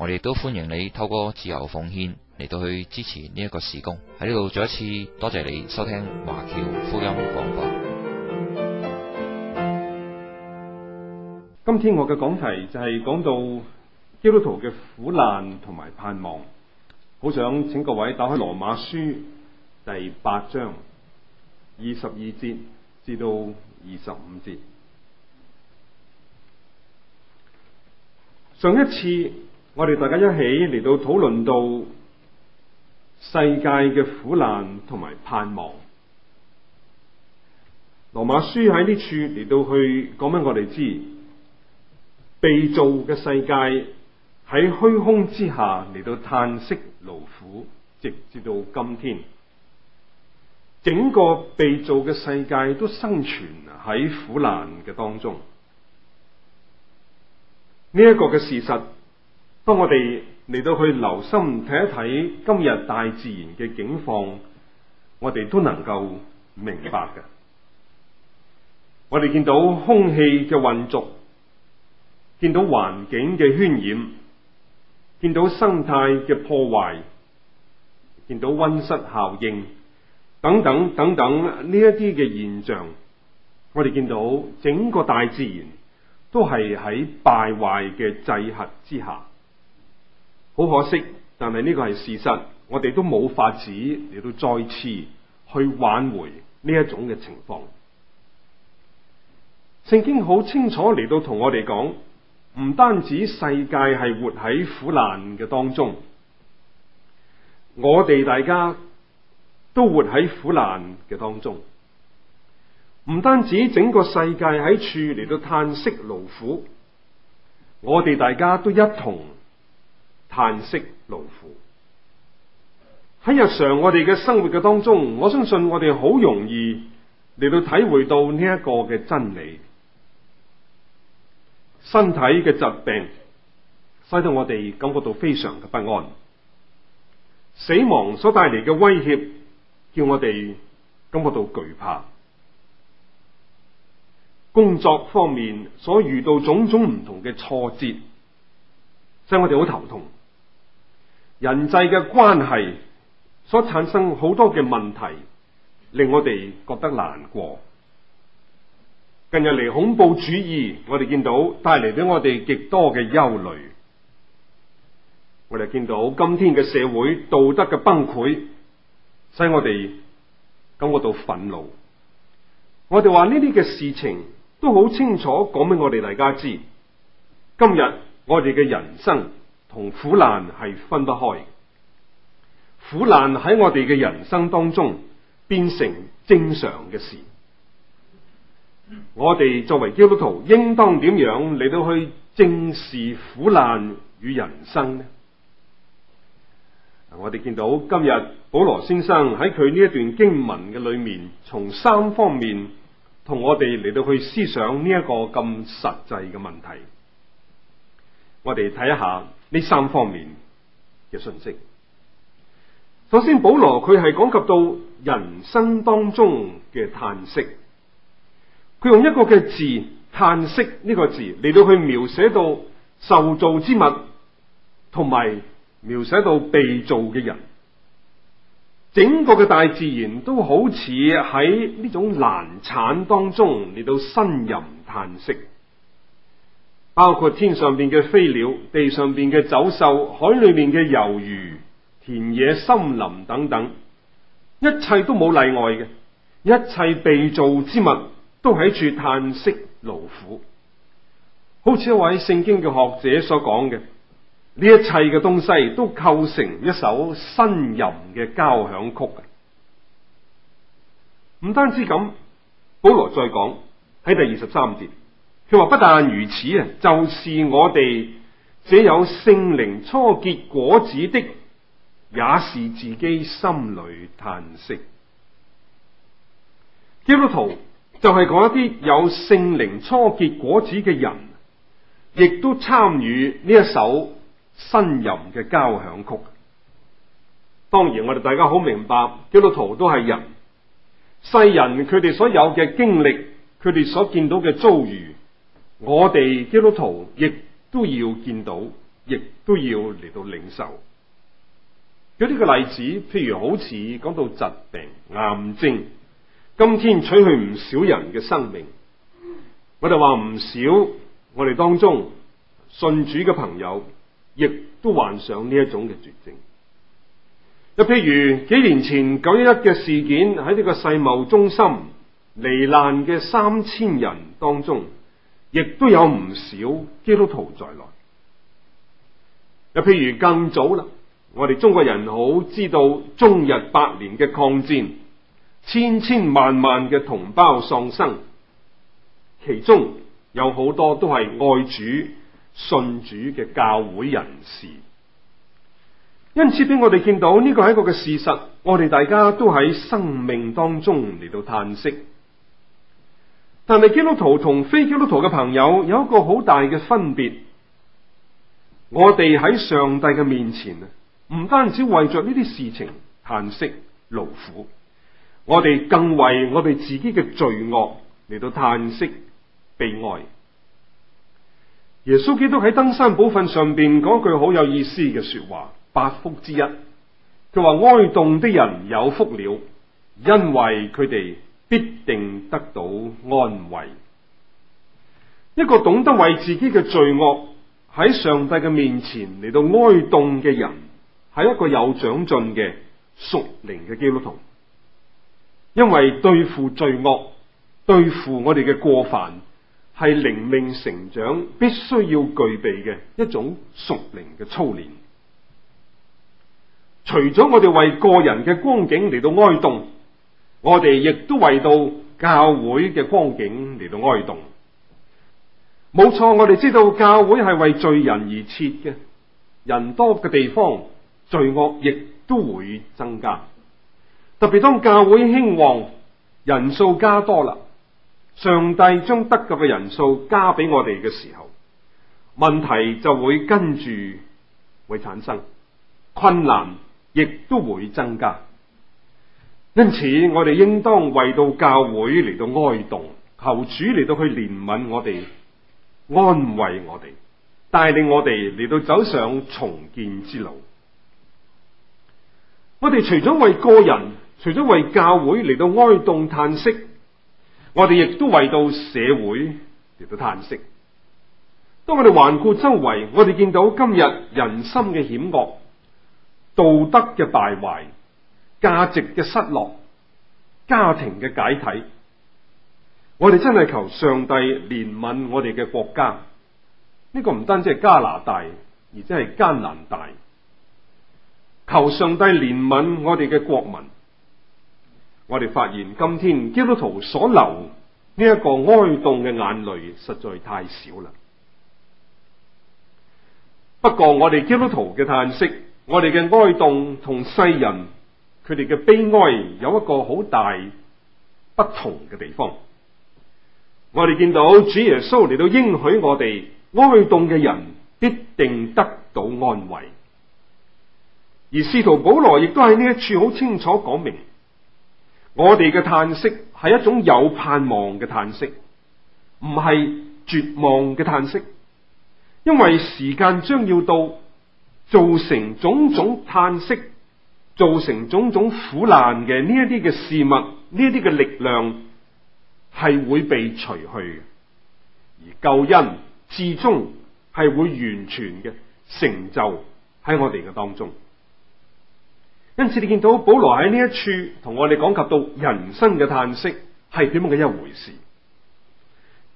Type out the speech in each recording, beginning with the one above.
我哋都歡迎你透過自由奉獻嚟到去支持呢一個事工。喺呢度再一次多謝你收聽華僑福音廣播。今天我嘅講題就係講到基督徒嘅苦難同埋盼望。好想請各位打開羅馬書第八章二十二節至到二十五節。上一次。我哋大家一起嚟到討論到世界嘅苦難同埋盼望。羅馬書喺呢處嚟到去講俾我哋知，被造嘅世界喺虛空之下嚟到嘆息勞苦，直至到今天，整個被造嘅世界都生存喺苦難嘅當中。呢一個嘅事實。當我哋嚟到去留心睇一睇今日大自然嘅景況，我哋都能夠明白嘅。我哋見到空氣嘅混濁，見到環境嘅渲染，見到生態嘅破壞，見到溫室效應，等等等等呢一啲嘅現象，我哋見到整個大自然都係喺敗壞嘅制核之下。好可惜，但係呢個係事實，我哋都冇法子嚟到再次去挽回呢一種嘅情況。聖經好清楚嚟到同我哋講，唔單止世界係活喺苦難嘅當中，我哋大家都活喺苦難嘅當中。唔單止整個世界喺處嚟到嘆息勞苦，我哋大家都一同。嘆息勞苦。喺日常我哋嘅生活嘅當中，我相信我哋好容易嚟到體會到呢一個嘅真理。身體嘅疾病使到我哋感覺到非常嘅不安，死亡所帶嚟嘅威脅叫我哋感覺到懼怕。工作方面所遇到種種唔同嘅挫折，使我哋好頭痛。人際嘅關係所產生好多嘅問題，令我哋覺得難過。近日嚟恐怖主義，我哋見到帶嚟俾我哋極多嘅憂慮。我哋見到今天嘅社會道德嘅崩潰，使我哋感覺到憤怒。我哋話呢啲嘅事情都好清楚講俾我哋大家知。今日我哋嘅人生，同苦難係分不開嘅，苦難喺我哋嘅人生當中變成正常嘅事。我哋作為基督徒，應當點樣嚟到去正視苦難與人生呢？我哋見到今日保羅先生喺佢呢一段經文嘅裏面，從三方面同我哋嚟到去思想呢一個咁實際嘅問題。我哋睇一下呢三方面嘅信息。首先，保羅佢係講及到人生當中嘅嘆息，佢用一個嘅字“嘆息”呢個字嚟到去描寫到受造之物，同埋描寫到被造嘅人，整個嘅大自然都好似喺呢種難產當中嚟到呻吟嘆息。包括天上邊嘅飛鳥、地上邊嘅走獸、海裏面嘅魷魚、田野、森林等等，一切都冇例外嘅，一切被造之物都喺處嘆息勞苦。好似一位聖經嘅學者所講嘅，呢一切嘅東西都構成一首呻吟嘅交響曲。唔單止咁，保羅再講喺第二十三節。佢話不但如此啊，就是我哋這有聖靈初結果子的，也是自己心裏歎息。基督徒就係講一啲有聖靈初結果子嘅人，亦都參與呢一首新吟嘅交響曲。當然，我哋大家好明白，基督徒都係人，世人佢哋所有嘅經歷，佢哋所見到嘅遭遇。我哋基督徒亦都要見到，亦都要嚟到領受。舉幾個例子，譬如好似講到疾病、癌症，今天取去唔少人嘅生命。我哋話唔少，我哋當中信主嘅朋友亦都患上呢一種嘅絕症。又譬如幾年前九一一嘅事件，喺呢個世貿中心罹難嘅三千人當中。亦都有唔少基督徒在內，又譬如更早啦，我哋中國人好知道中日八年嘅抗戰，千千萬萬嘅同胞喪生，其中有好多都係愛主、信主嘅教會人士，因此俾我哋見到呢個係一個嘅事實，我哋大家都喺生命當中嚟到嘆息。但係基督徒同非基督徒嘅朋友有一個好大嘅分別，我哋喺上帝嘅面前啊，唔單止為着呢啲事情嘆息勞苦，我哋更為我哋自己嘅罪惡嚟到嘆息悲哀。耶穌基督喺登山寶訓上邊講句好有意思嘅說話，八福之一，佢話哀慟的人有福了，因為佢哋。必定得到安慰。一個懂得為自己嘅罪惡喺上帝嘅面前嚟到哀慟嘅人，係一個有長進嘅屬靈嘅基督徒。因為對付罪惡，對付我哋嘅過犯，係靈命成長必須要具備嘅一種屬靈嘅操練。除咗我哋為個人嘅光景嚟到哀慟，我哋亦都為到教會嘅光景嚟到哀動。冇錯。我哋知道教會係為罪人而設嘅，人多嘅地方，罪惡亦都會增加。特別當教會興旺，人數加多啦，上帝將得救嘅人數加俾我哋嘅時候，問題就會跟住會產生，困難亦都會增加。因此，我哋應當為到教會嚟到哀悼，求主嚟到去憐憫我哋，安慰我哋，帶領我哋嚟到走上重建之路。我哋除咗為個人，除咗為教會嚟到哀悼嘆息，我哋亦都為到社會嚟到嘆息。當我哋環顧周圍，我哋見到今日人心嘅險惡，道德嘅敗壞。價值嘅失落，家庭嘅解體，我哋真係求上帝憐憫我哋嘅國家。呢個唔單止係加拿大，而且係加拿大。求上帝憐憫我哋嘅國民。我哋發現今天基督徒所流呢一個哀慟嘅眼淚實在太少啦。不過我哋基督徒嘅嘆息，我哋嘅哀慟同世人，佢哋嘅悲哀有一個好大不同嘅地方。我哋見到主耶穌嚟到應許我哋哀慟嘅人必定得到安慰。而使徒保羅亦都喺呢一處好清楚講明，我哋嘅嘆息係一種有盼望嘅嘆息，唔係絕望嘅嘆息。因為時間將要到，造成種種嘆息。造成種種苦難嘅呢一啲嘅事物，呢一啲嘅力量係會被除去嘅，而救恩至終係會完全嘅成就喺我哋嘅當中。因此，你見到保羅喺呢一處同我哋講及到人生嘅嘆息係點樣嘅一回事？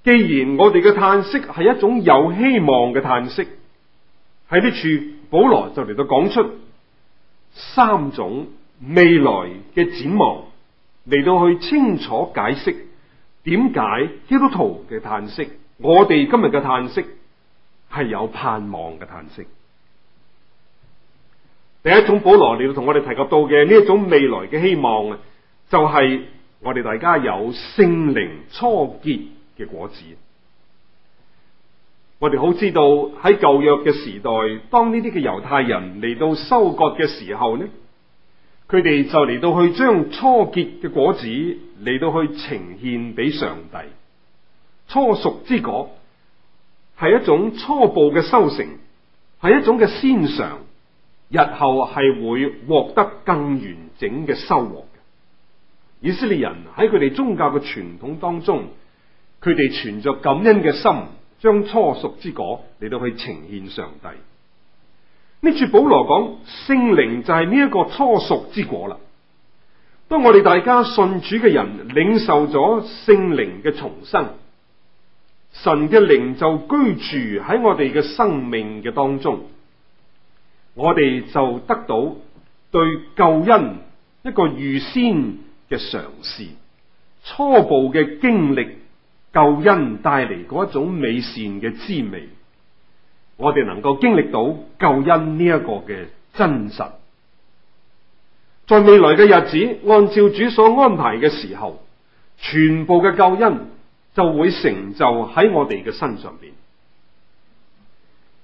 既然我哋嘅嘆息係一種有希望嘅嘆息，喺呢處保羅就嚟到講出。三種未來嘅展望嚟到去清楚解釋點解基督徒嘅嘆息，我哋今日嘅嘆息係有盼望嘅嘆息。第一種，保羅嚟到同我哋提及到嘅呢一種未來嘅希望啊，就係、是、我哋大家有聖靈初結嘅果子。我哋好知道喺舊約嘅時代，當呢啲嘅猶太人嚟到收割嘅時候呢，佢哋就嚟到去將初結嘅果子嚟到去呈現俾上帝。初熟之果係一種初步嘅收成，係一種嘅先嘗，日後係會獲得更完整嘅收穫。以色列人喺佢哋宗教嘅傳統當中，佢哋存着感恩嘅心。將初熟之果嚟到去呈現上帝。呢處保羅講聖靈就係呢一個初熟之果啦。當我哋大家信主嘅人領受咗聖靈嘅重生，神嘅靈就居住喺我哋嘅生命嘅當中，我哋就得到對救恩一個預先嘅嘗試、初步嘅經歷。救恩帶嚟嗰一種美善嘅滋味，我哋能夠經歷到救恩呢一個嘅真實，在未來嘅日子，按照主所安排嘅時候，全部嘅救恩就會成就喺我哋嘅身上邊。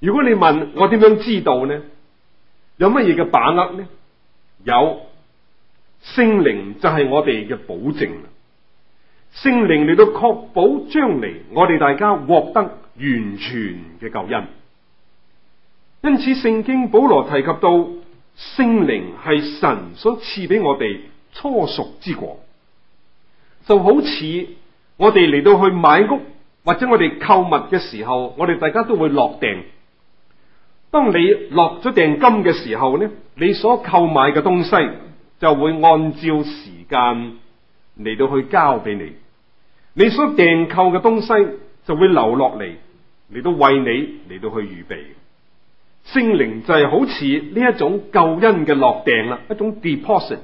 如果你問我點樣知道呢？有乜嘢嘅把握呢？有聖靈就係我哋嘅保證。聖靈嚟到確保將嚟我哋大家獲得完全嘅救恩，因此聖經保羅提及到聖靈係神所賜俾我哋初熟之果，就好似我哋嚟到去買屋或者我哋購物嘅時候，我哋大家都會落定。當你落咗訂金嘅時候呢，你所購買嘅東西就會按照時間。嚟到去交俾你，你所訂購嘅東西就會留落嚟，嚟到為你嚟到去預備。聖靈就係好似呢一種救恩嘅落訂啦，一種 deposit。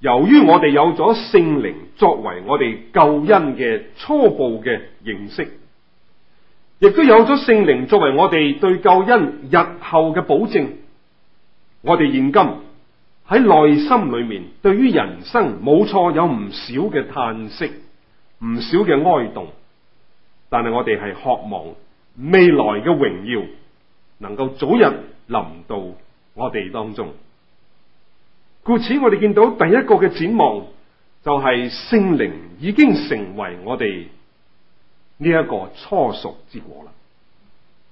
由於我哋有咗聖靈作為我哋救恩嘅初步嘅認識，亦都有咗聖靈作為我哋對救恩日後嘅保證，我哋現今，喺內心裏面，對於人生冇錯，有唔少嘅嘆息，唔少嘅哀動。但係我哋係渴望未來嘅榮耀能夠早日臨到我哋當中。故此，我哋見到第一個嘅展望就係聖靈已經成為我哋呢一個初熟之果啦。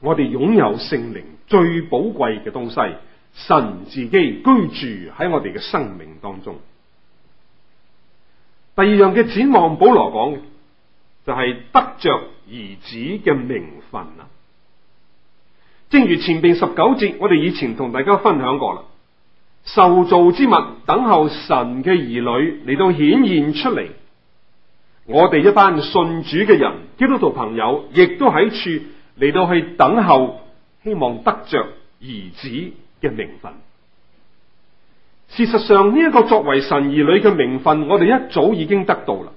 我哋擁有聖靈最寶貴嘅東西。神自己居住喺我哋嘅生命當中。第二樣嘅展望，保羅講嘅就係得着兒子嘅名分啦。正如前面十九節，我哋以前同大家分享過啦。受造之物等候神嘅兒女嚟到顯現出嚟，我哋一班信主嘅人，基督徒朋友，亦都喺處嚟到去等候，希望得着兒子。嘅名分，事實上呢一個作為神兒女嘅名分，我哋一早已經得到啦。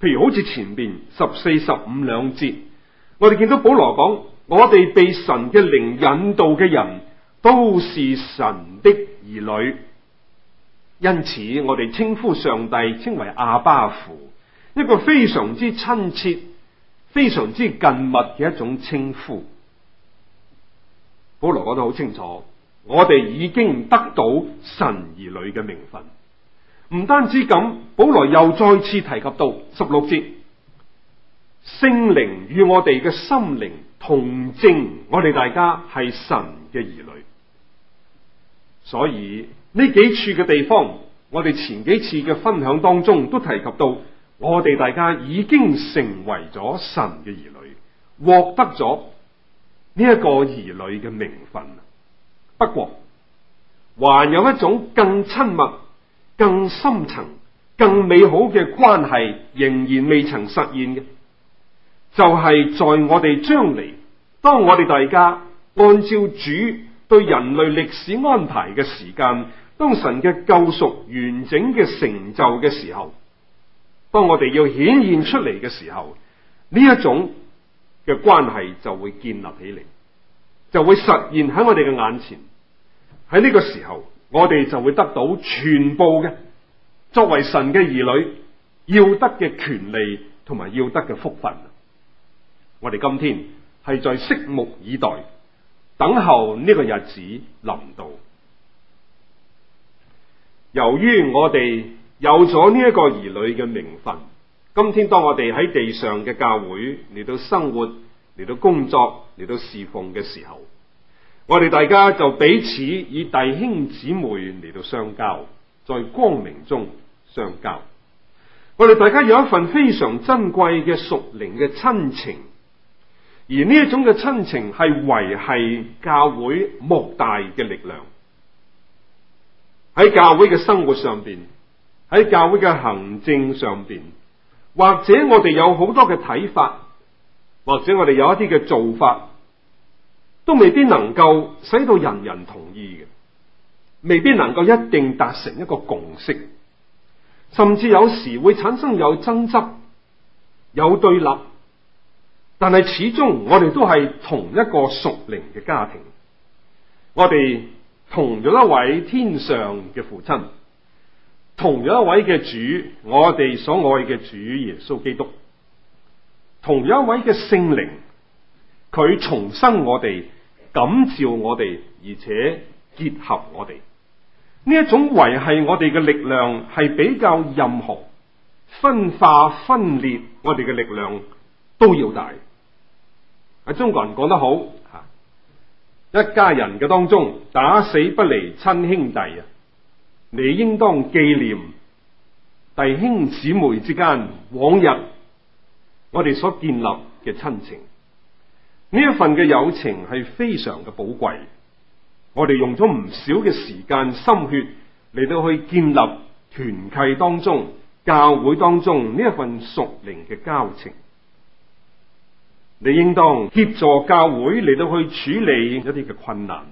譬如好似前邊十四十五兩節，我哋見到保羅講，我哋被神嘅靈引導嘅人，都是神的兒女。因此我哋稱呼上帝稱為阿爸父，一個非常之親切、非常之近密嘅一種稱呼。保羅講得好清楚，我哋已經得到神兒女嘅名分。唔單止咁，保羅又再次提及到十六節，聖靈與我哋嘅心靈同證，我哋大家係神嘅兒女。所以呢幾處嘅地方，我哋前幾次嘅分享當中都提及到，我哋大家已經成為咗神嘅兒女，獲得咗。呢一個兒女嘅名分，不過還有一種更親密、更深層、更美好嘅關係，仍然未曾實現嘅，就係在我哋將來，當我哋大家按照主對人類歷史安排嘅時間，當神嘅救贖完整嘅成就嘅時候，當我哋要顯現出嚟嘅時候，呢一種。嘅關係就會建立起嚟，就會實現喺我哋嘅眼前。喺呢個時候，我哋就會得到全部嘅作為神嘅兒女要得嘅權利同埋要得嘅福分。我哋今天係在拭目以待，等候呢個日子臨到。由於我哋有咗呢一個兒女嘅名分。今天當我哋喺地上嘅教會嚟到生活、嚟到工作、嚟到侍奉嘅時候，我哋大家就彼此以弟兄姊妹嚟到相交，在光明中相交。我哋大家有一份非常珍貴嘅屬靈嘅親情，而呢一種嘅親情係維係教會莫大嘅力量。喺教會嘅生活上面，喺教會嘅行政上面。或者我哋有好多嘅睇法，或者我哋有一啲嘅做法，都未必能夠使到人人同意嘅，未必能夠一定達成一個共識，甚至有時會產生有爭執、有對立。但係始終我哋都係同一個屬靈嘅家庭，我哋同咗一位天上嘅父親。同樣一位嘅主，我哋所愛嘅主耶穌基督，同樣一位嘅聖靈，佢重生我哋、感召我哋，而且結合我哋。呢一種維繫我哋嘅力量，係比較任何分化分裂我哋嘅力量都要大。喺中國人講得好吓，一家人嘅當中打死不離親兄弟啊！你應當紀念弟兄姊妹之間，往日我哋所建立嘅親情，呢一份嘅友情係非常嘅寶貴。我哋用咗唔少嘅時間心血嚟到去建立團契當中，教會當中呢一份熟齡嘅交情。你應當協助教會嚟到去處理一啲嘅困難，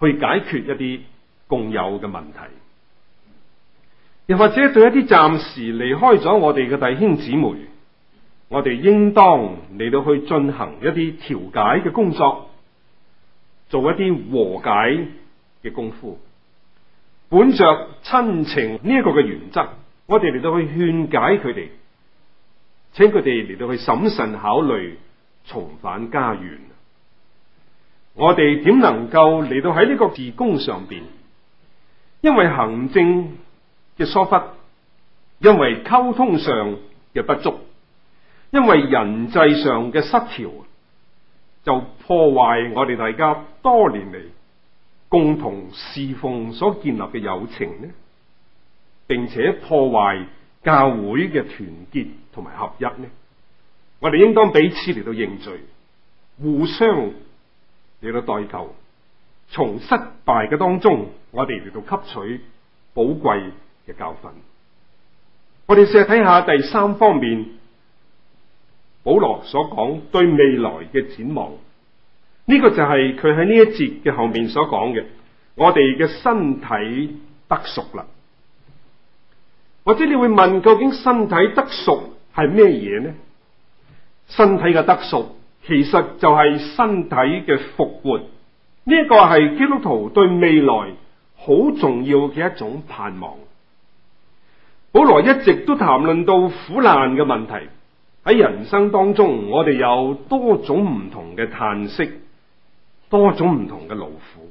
去解決一啲共有嘅問題。又或者對一啲暫時離開咗我哋嘅弟兄姊妹，我哋應當嚟到去進行一啲調解嘅工作，做一啲和解嘅功夫，本着親情呢一個嘅原則，我哋嚟到去勸解佢哋，請佢哋嚟到去審慎考慮重返家園。我哋點能夠嚟到喺呢個義工上邊？因為行政。嘅疏忽，因為溝通上嘅不足，因為人際上嘅失調，就破壞我哋大家多年嚟共同侍奉所建立嘅友情咧，並且破壞教會嘅團結同埋合一咧。我哋應當彼此嚟到認罪，互相嚟到代求，從失敗嘅當中，我哋嚟到吸取寶貴。嘅教訓，我哋試睇下第三方面，保羅所講對未來嘅展望，呢個就係佢喺呢一節嘅後面所講嘅。我哋嘅身體得熟啦，或者你會問究竟身體得熟係咩嘢呢？身體嘅得熟其實就係身體嘅復活，呢一個係基督徒對未來好重要嘅一種盼望。本來一直都談論到苦難嘅問題，喺人生當中，我哋有多種唔同嘅嘆息，多種唔同嘅勞苦。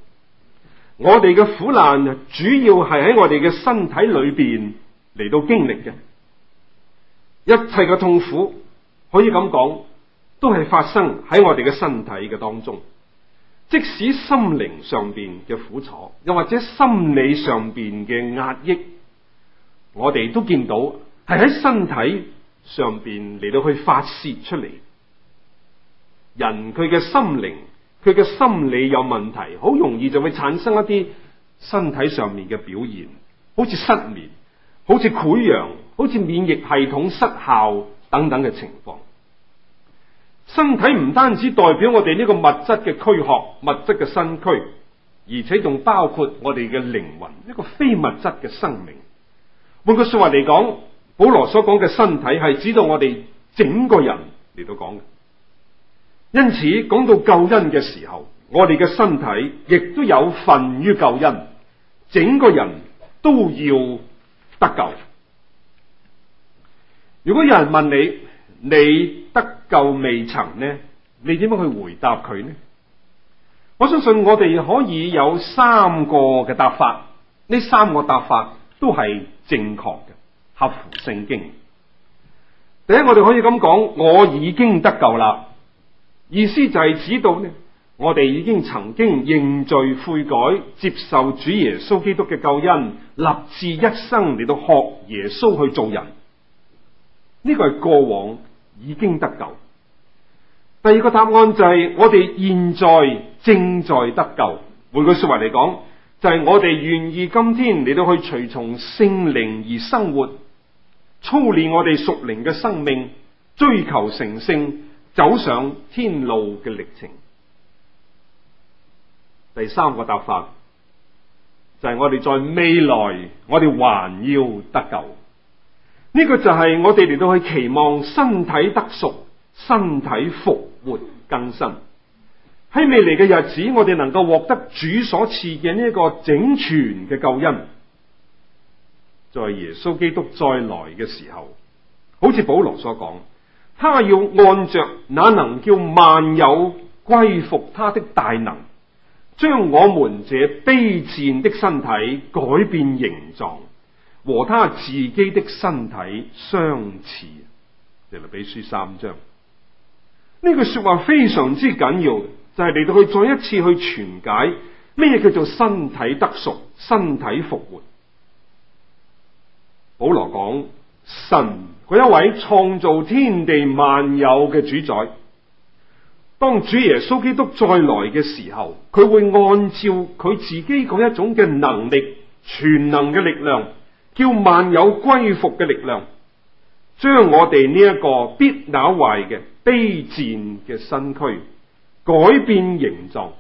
我哋嘅苦難主要係喺我哋嘅身體裏邊嚟到經歷嘅，一切嘅痛苦可以咁講，都係發生喺我哋嘅身體嘅當中。即使心靈上邊嘅苦楚，又或者心理上邊嘅壓抑。我哋都見到係喺身體上面嚟到去發泄出嚟，人佢嘅心靈、佢嘅心理有問題，好容易就會產生一啲身體上面嘅表現，好似失眠、好似潰瘍、好似免疫系統失效等等嘅情況。身體唔單止代表我哋呢個物質嘅軀殼、物質嘅身軀，而且仲包括我哋嘅靈魂，一個非物質嘅生命。換句說話嚟講，保羅所講嘅身體係指到我哋整個人嚟到講嘅。因此講到救恩嘅時候，我哋嘅身體亦都有份於救恩，整個人都要得救。如果有人問你，你得救未曾呢？你點樣去回答佢呢？我相信我哋可以有三個嘅答法，呢三個答法都係正確嘅，合乎聖經。第一，我哋可以咁講，我已經得救啦。意思就係指到呢，我哋已經曾經認罪悔改，接受主耶穌基督嘅救恩，立志一生嚟到學耶穌去做人。呢個係過往已經得救。第二個答案就係我哋現在正在得救。換句說話嚟講。就係、是、我哋願意今天嚟到去隨從聖靈而生活，操練我哋屬靈嘅生命，追求成聖，走上天路嘅歷程。第三個答法就係、是、我哋在未來，我哋還要得救。呢、這個就係我哋嚟到去期望身體得贖，身體復活更新。喺未來嘅日子，我哋能夠獲得主所賜嘅呢一個整全嘅救恩，在耶穌基督再來嘅時候，好似保羅所講，他要按着那能叫萬有歸服他的大能，將我們這卑賤的身體改變形狀，和他自己的身體相似。腓立比書三章，呢句說話非常之緊要。就係嚟到佢再一次去傳解咩嘢叫做身體得贖，身體復活。保羅講神嗰一位創造天地萬有嘅主宰，當主耶穌基督再來嘅時候，佢會按照佢自己嗰一種嘅能力、全能嘅力量，叫萬有歸服嘅力量，將我哋呢一個必朽壞嘅卑賤嘅身軀。改變形狀，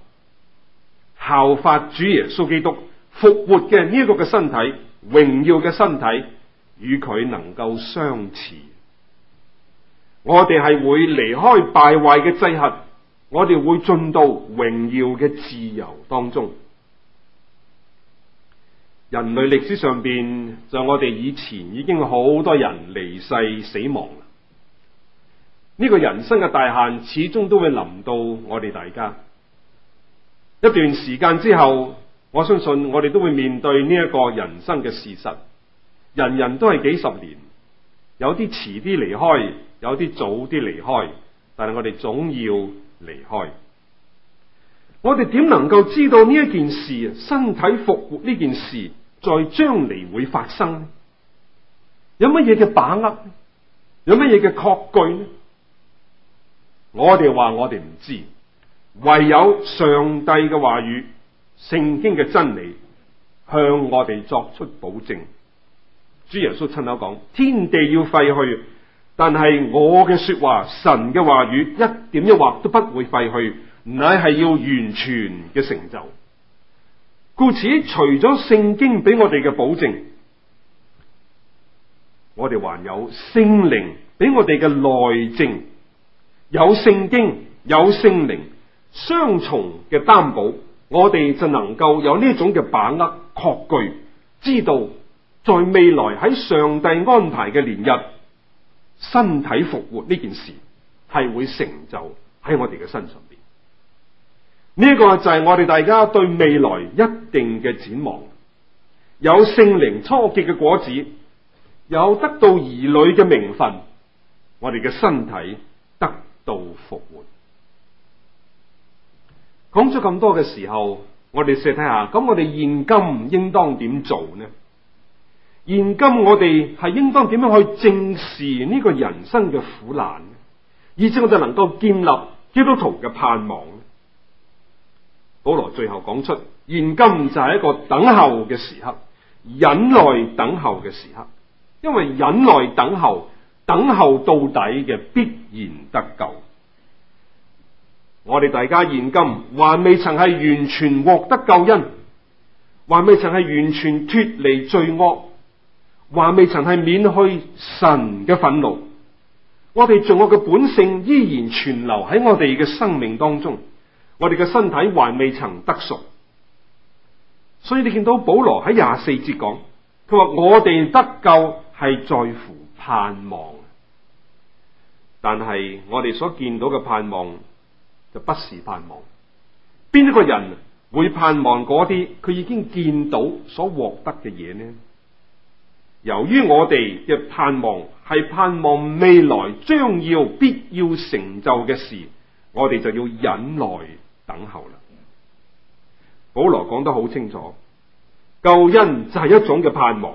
效法主耶穌基督復活嘅呢個嘅身體，榮耀嘅身體，與佢能夠相似。我哋係會離開敗壞嘅轄制，我哋會進到榮耀嘅自由當中。人類歷史上邊，就我哋以前已經好多人離世死亡呢、個人生嘅大限始終都會臨到我哋大家，一段時間之後，我相信我哋都會面對呢一個人生嘅事實。人人都係幾十年，有啲遲啲離開，有啲早啲離開，但係我哋總要離開。我哋點能夠知道呢一件事，身體復活呢件事在將來會發生呢？有乜嘢嘅把握？有乜嘢嘅確據呢？我哋話我哋唔知，唯有上帝嘅話語、聖經嘅真理，向我哋作出保證。主耶穌親口講：天地要廢去，但係我嘅說話、神嘅話語，一點一畫都不會廢去，乃係要完全嘅成就。故此，除咗聖經俾我哋嘅保證，我哋還有聖靈俾我哋嘅內證。有聖經，有聖靈，雙重嘅擔保，我哋就能夠有呢種嘅把握確據，知道在未來喺上帝安排嘅年日，身體復活呢件事係會成就喺我哋嘅身上邊。呢、這個就係我哋大家對未來一定嘅展望。有聖靈初結嘅果子，有得到兒女嘅名分，我哋嘅身體得。到復活。講咗咁多嘅時候，我哋試睇下，咁我哋現今應當點做呢？現今我哋係應當點樣去正視呢個人生嘅苦難，以至我哋能夠建立基督徒嘅盼望。保羅最後講出，現今就係一個等候嘅時刻，忍耐等候嘅時刻，因為忍耐等候。等候到底嘅必然得救。我哋大家現今還未曾係完全獲得救恩，還未曾係完全脫離罪惡，還未曾係免去神嘅憤怒。我哋罪惡嘅本性依然存留喺我哋嘅生命當中，我哋嘅身體還未曾得贖。所以你見到保羅喺廿四節講，佢話我哋得救係在乎盼望。但係我哋所見到嘅盼望就不是盼望。邊一個人會盼望嗰啲佢已經見到所獲得嘅嘢呢？由於我哋嘅盼望係盼望未來將要必要成就嘅事，我哋就要忍耐等候啦。保羅講得好清楚，救恩就係一種嘅盼望。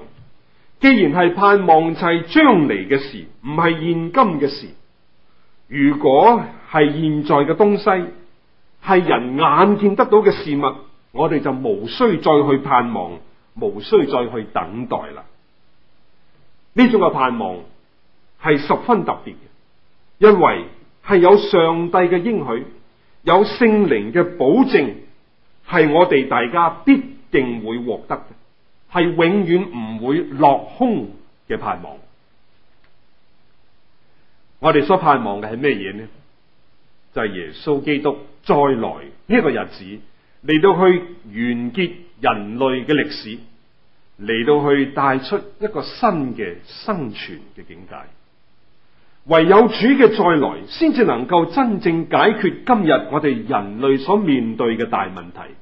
既然係盼望，就係將來嘅事，唔係現今嘅事。如果係現在嘅東西，係人眼見得到嘅事物，我哋就無需再去盼望，無需再去等待啦。呢種嘅盼望係十分特別嘅，因為係有上帝嘅應許，有聖靈嘅保證，係我哋大家必定會獲得嘅，係永遠唔會落空嘅盼望。我哋所盼望嘅係咩嘢呢？就係耶穌基督再來呢個日子，嚟到去完結人類嘅歷史，嚟到去帶出一個新嘅生存嘅境界。唯有主嘅再來，先至能夠真正解決今日我哋人類所面對嘅大問題，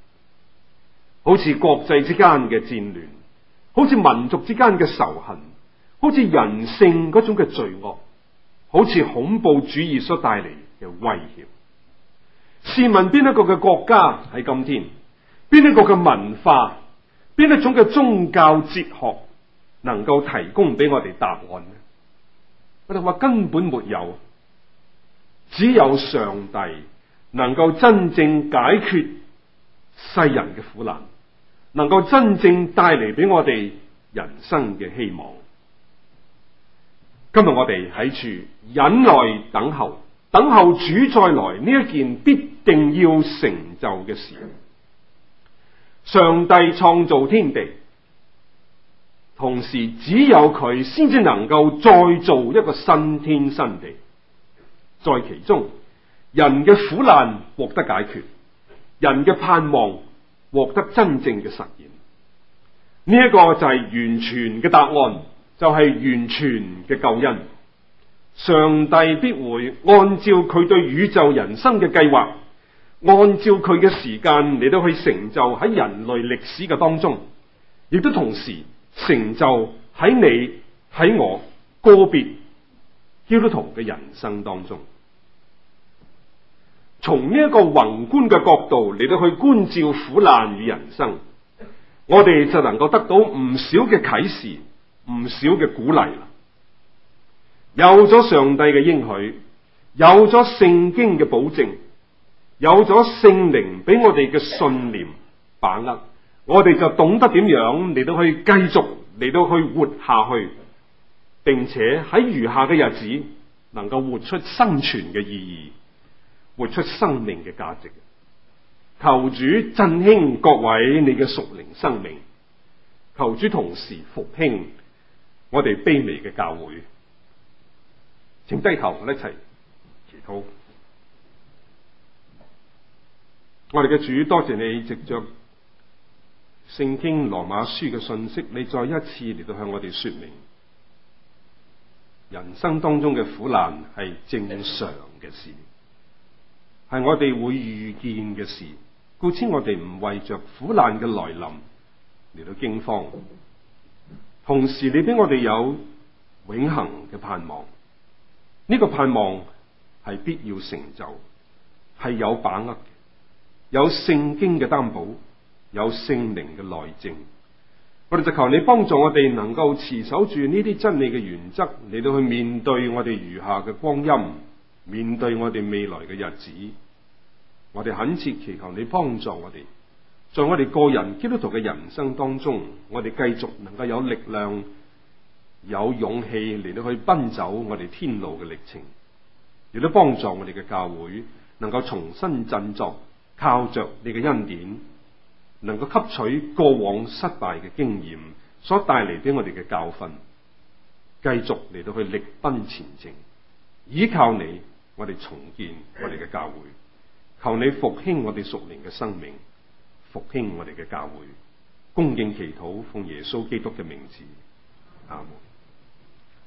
好似國際之間嘅戰亂，好似民族之間嘅仇恨，好似人性嗰種嘅罪惡。好似恐怖主義所帶嚟嘅威脅，試問邊一個嘅國家喺今天，邊一個嘅文化，邊一種嘅宗教哲學能夠提供俾我哋答案呢？我哋話根本沒有，只有上帝能夠真正解決世人嘅苦難，能夠真正帶嚟俾我哋人生嘅希望。今日我哋喺處。忍耐等候，等候主再來呢一件必定要成就嘅事。上帝創造天地，同時只有佢先至能夠再造一個新天新地，在其中人嘅苦難獲得解決，人嘅盼望獲得真正嘅實現。呢一個就係完全嘅答案，就係完全嘅救恩。上帝必會按照佢對宇宙人生嘅計劃，按照佢嘅時間嚟到去成就喺人類歷史嘅當中，亦都同時成就喺你喺我個別基督徒嘅人生當中。從呢一個宏觀嘅角度嚟到去觀照苦難與人生，我哋就能夠得到唔少嘅啟示，唔少嘅鼓勵啦。有咗上帝嘅應許，有咗聖經嘅保證，有咗聖靈俾我哋嘅信念把握，我哋就懂得點樣嚟到去繼續嚟到去活下去，並且喺餘下嘅日子能夠活出生存嘅意義，活出生命嘅價值。求主振興各位你嘅屬靈生命，求主同時復興我哋卑微嘅教會。請低頭，一齊祈禱。好，我哋嘅主，多謝你藉着聖經羅馬書嘅信息，你再一次嚟到向我哋說明，人生當中嘅苦難係正常嘅事，係我哋會遇見嘅事。故此，我哋唔為着苦難嘅來臨嚟到驚慌。同時，你俾我哋有永恆嘅盼望。呢、這個盼望係必要成就，係有把握嘅，有聖經嘅擔保，有聖靈嘅內證。我哋就求你幫助我哋，能夠持守住呢啲真理嘅原則，嚟到去面對我哋餘下嘅光陰，面對我哋未來嘅日子。我哋懇切祈求你幫助我哋，在我哋個人基督徒嘅人生當中，我哋繼續能夠有力量，有勇氣嚟到去奔走我哋天路嘅歷程，亦都幫助我哋嘅教會能夠重新振作，靠着你嘅恩典，能夠吸取過往失敗嘅經驗所帶嚟俾我哋嘅教訓，繼續嚟到去力奔前程。依靠你，我哋重建我哋嘅教會，求你復興我哋屬靈嘅生命，復興我哋嘅教會，恭敬祈禱，奉耶穌基督嘅名字，